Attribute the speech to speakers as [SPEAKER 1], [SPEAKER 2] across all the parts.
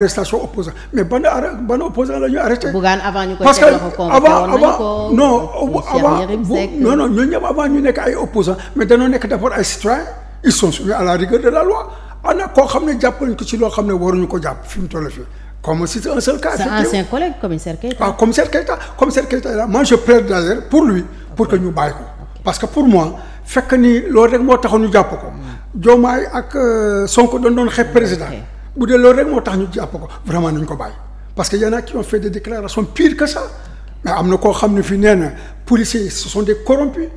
[SPEAKER 1] arrestation opposant mais ban ban opposant la ñu arrêté. avant ñu koy parce que avant avant non avant euh, non non ñooñu avant ñu nekk ay opposant mais dañoo nekk d'abord ay citoyens ils sont soumis à la rigueur de la loi ana koo xam ne jàpp nañ ko ci loo xam ne war waruñu ko jàpp fi mu toll fii comme si c'est un collègue ah, commissaire Keita. commissaire Keita commissaire je plaide d'ailleurs pour lui pour que ñu bàyyi ko parce que pour moi fekk ni loolu rek moo taxoon ñu jàpp ko. Mm. Diomaye ak euh, Sonko dañ doon xeeb président. bu dee loolu rek moo tax ñu jàpp ko vraiment nañ ko bàyyi parce que y en a qui ont fait des déclarations pires que ça mais am na koo xam ne fi nee na policiers yi ce sont des corrompus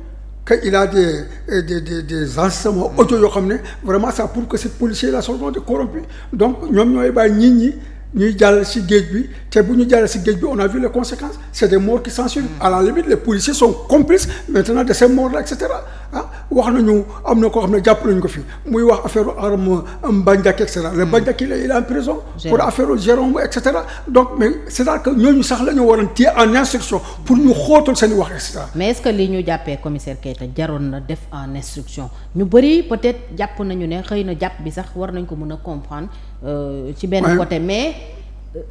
[SPEAKER 1] que il a des des des des enregistrements mm. audio yoo xam ne vraiment ça pour que ces policiers là sont des corrompus donc ñoom ñooy bàyyi nit ñi ñuy jàll ci géej bi te bu ñu jàll ci géej bi on a vu les conséquences c'est des morts qui s'ensuivent mm. à la limite les policiers sont complices maintenant de ces morts là et cetera ah wax nañu am na koo xam ne jàpp nañu ko fi muy wax affaire arme Bandiak et cetera le hmm. la il est en prison pour affaire Jérôme et cetera donc mais cest à que ñooñu sax la ñu waroon téye en instruction pour ñu xóotal seen wax et cetera mais est que li ñu jàppee commissaire Keita jaroon na def en instruction ñu bëri peut-être jàpp nañu ne xëy na jàpp bi sax war nañ ko mën a comprendre euh, ci benn côté mais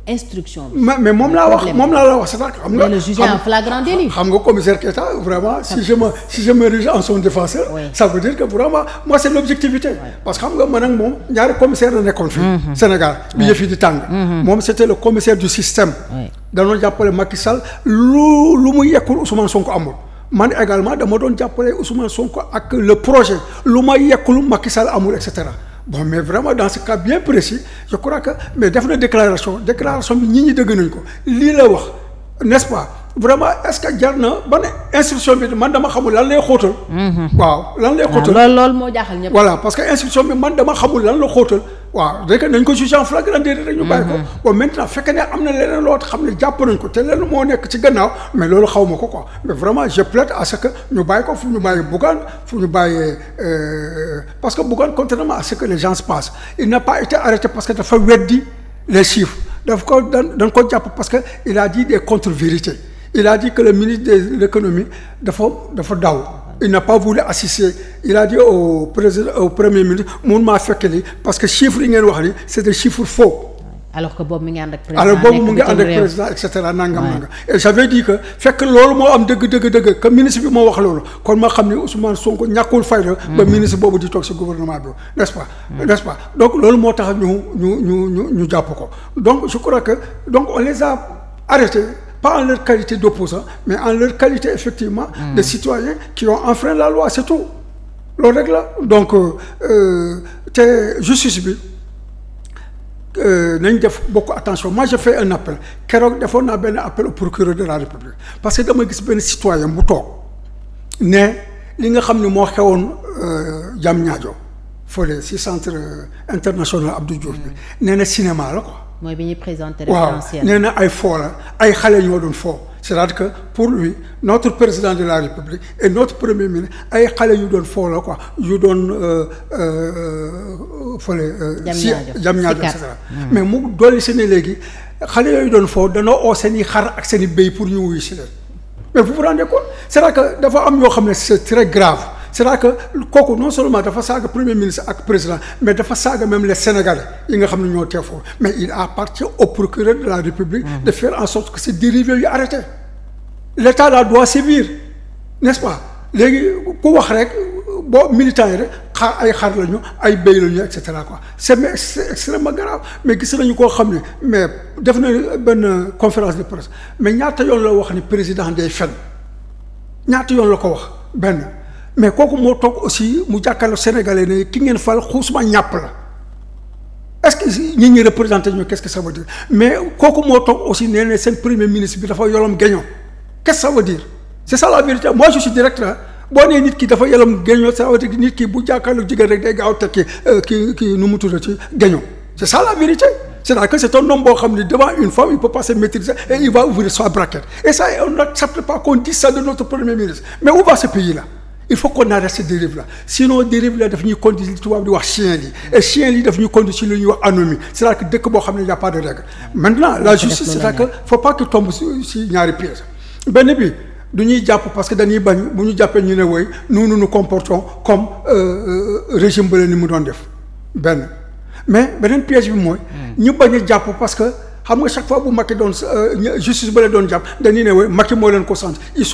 [SPEAKER 1] instruction bi. mais moom laa wax moom laa la wax c'est ça xam nga. le juger en flagrant délit. xam nga commissaire Keita vraiment si je me si je m'érige en son défenseur. ça veut dire que vraiment moi c'est l'objectivité. parce que xam nga man ak moom ñaari commissaire la nekkoon fii. Mhm. Sénégal bi yëf yi di tàng. Mhm. moom c'était le commissaire du système. danoon jàppale Macky Sall lu lu mu yekkul Ousmane Sonko amul. man également dama doon jàppale Ousmane Sonko ak le projet lu ma yekkul Macky Sall amul et cetera. bon mais vraiment dans ce cas bien précis je crois que mais def na déclaration déclaration bi ñi ñi dëgg nañ ko lii la wax n'est-ce pas vraiment est-ce que jar ba ban instruction bi man dama xamul lan lay xóotal. Mhm. waaw lan lay ah, xóotal waaw loolu moo jaaxal ñëpp. parce que instruction bi man dama xamul lan la xóotal. waaw rek nañ ko juge en flagrant délit rek ñu bàyyi ko. Mhm. bon maintenant fekkee ne am na leneen loo xam ne jàpp nañ ko te leneen moo nekk ci gannaaw mais loolu xaw ma ko quoi mais vraiment je plaide à ce que ñu bàyyi ko fu ñu bàyyi Bougane fu ñu bàyyi euh, parce que Bougane contrairement à ce que les gens n'a pas été arrêté que les chiffres daf jàpp parce que il a dit des contre il a dit que le ministre de l'économie dafa daw il n'a pas voulu assister il a dit au président au premier ministre mun maa fekk li parce que chiffres yi ngeen wax ni c'est des chiffres faux. alors que boobu mu ngi ànd ak président alors boobu mu ngi ànd ak président et cetera nangam nangam que fekk loolu moo am dëgg dëgg dëgg que ministre bi moo wax loolu kon ma xam ne Ousmane Sonko ñàkkul fayda ba mhm. ministre boobu di toog si gouvernement bi n'est-ce pas mhm. n'est-ce pas donc loolu moo tax ñu ñu ñu ñu ñu jàpp ko donc je on les a pas en leur qualité d'opposant mais en leur qualité effectivement mmh. de citoyens qui ont enfreint la loi c'est tout loolu rek la donc euh, euh, te justice bi euh, nañ def bokk attention moi je fais un appel keroog defoon naa benn appel au procureur de la république parce que dama gis benn citoyen bu toog ne li nga xam ne moo xewoon jam ñaajo fële si centre international Abdou Diouf bi hmm. nee na cinéma la quoi mooy bi ñuy présenté présidentielle waaw nee na ay foo la ay xale ñoo doon foo cest à que pour lui notre président de la république et notre premier ministre ay xale yu doon foo la quoi yu doon euh, euh, fële. Euh, si jam ñaajo et cetera hmm. mais mu dolli si ne léegi xale yooyu doon foo danoo oo seen i xar ak seen i béy pour ñu wuyu si leen mais vous vous rendez compte cest à que dafa am yoo xam ne c'est très grave. c'est-à-dire que kooku non seulement dafa saaga premier ministre ak président mais dafa saaga même les sénégalais yi nga xam ne ñoo teew foofu mais il appartient au procureur de la république mmh. de faire en sorte que ces dérivés yu arrêté l'état là doit sévir n'est-ce pas léegi ku wax rek boo militants yi rek xaar ay xar lañu ay béy lañu et cetera quoi c'est mais c'est extrêmement grave mais gis nañu koo xam ne mais def na benn conférence de presse mais ñaata yoon la wax ni président day ñaata yoon la ko wax benn mais kooku moo toog aussi mu jàkkaarloo sénégalais ne ki ngeen fal xuusuma ñàpp la est-ce que ñi ñuy représenté ñu quest que ça veut dire mais kooku moo toog aussi nee ne seen premier ministre bi dafa yolom géñoo qu'est-ce que ça veut dire c'est ça la vérité moi je suis direct là boo nee nit ki dafa yolom géñoo ça veut dire nit ki bu jàkkaarloo jigéen rek day gaaw tekki euh, ki ki nu mu tudd ci géñoo c'est ça la vérité cest à que c'est un homme boo xam ne devant une femme il peut pas se il faut qu'on arrête cette dérive là sinon dérive la daf ñuy conduire li tubaab di wax chien li et chien li daf ñuy conduire ci lu ñuy wax anomie cest à dëkk boo xam ne y a pas de règle maintenant la justice c'est-à-dire que faut si ñaari piège benn bi du ñuy jàpp parce que dañuy bañ bu ñu jàppee ñu ne wooy nous nu nous comme euh, euh, régime ba ni mu doon def benn mais beneen piège bi mooy hmm. ñu bañ a jàpp parce que xam nga chaque fois bu Macky doon euh, justice ba dañuy ne wooy moo leen ko sant